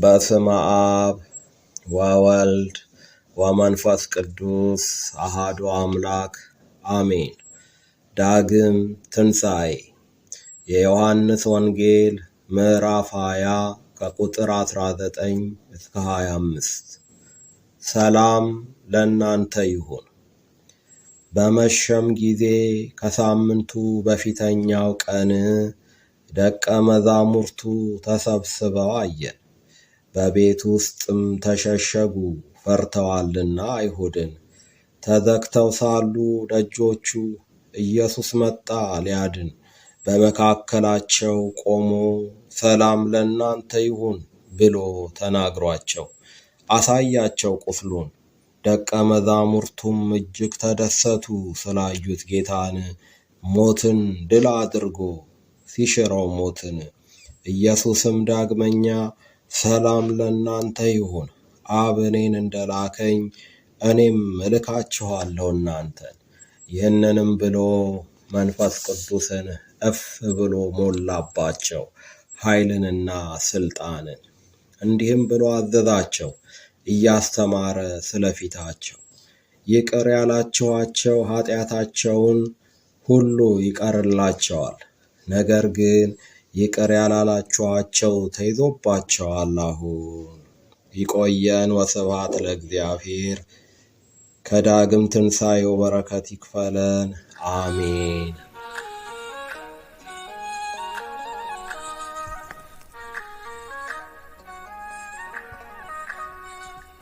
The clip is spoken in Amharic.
በስመ አብ ወወልድ ወመንፈስ ቅዱስ አሃዱ አምላክ አሜን። ዳግም ትንሣኤ የዮሐንስ ወንጌል ምዕራፍ 20 ከቁጥር 19 እስከ 25። ሰላም ለእናንተ ይሁን። በመሸም ጊዜ ከሳምንቱ በፊተኛው ቀን ደቀ መዛሙርቱ ተሰብስበው አየን። በቤት ውስጥም ተሸሸጉ ፈርተዋልና አይሁድን። ተዘግተው ሳሉ ደጆቹ ኢየሱስ መጣ ሊያድን፣ በመካከላቸው ቆሞ ሰላም ለእናንተ ይሁን ብሎ ተናግሯቸው አሳያቸው ቁስሉን። ደቀ መዛሙርቱም እጅግ ተደሰቱ ስላዩት ጌታን ሞትን ድል አድርጎ ሲሽረው ሞትን። ኢየሱስም ዳግመኛ ሰላም ለእናንተ ይሁን። አብ እኔን እንደላከኝ እኔም እልካችኋለሁ እናንተን። ይህንንም ብሎ መንፈስ ቅዱስን እፍ ብሎ ሞላባቸው፣ ኃይልንና ስልጣንን። እንዲህም ብሎ አዘዛቸው እያስተማረ ስለፊታቸው ይቅር ያላችኋቸው ኃጢአታቸውን ሁሉ ይቀርላቸዋል። ነገር ግን ይቅር ያላላችኋቸው ተይዞባቸዋል። አሁን ይቆየን። ወስብሐት ለእግዚአብሔር። ከዳግም ትንሣኤው በረከት ይክፈለን። አሜን።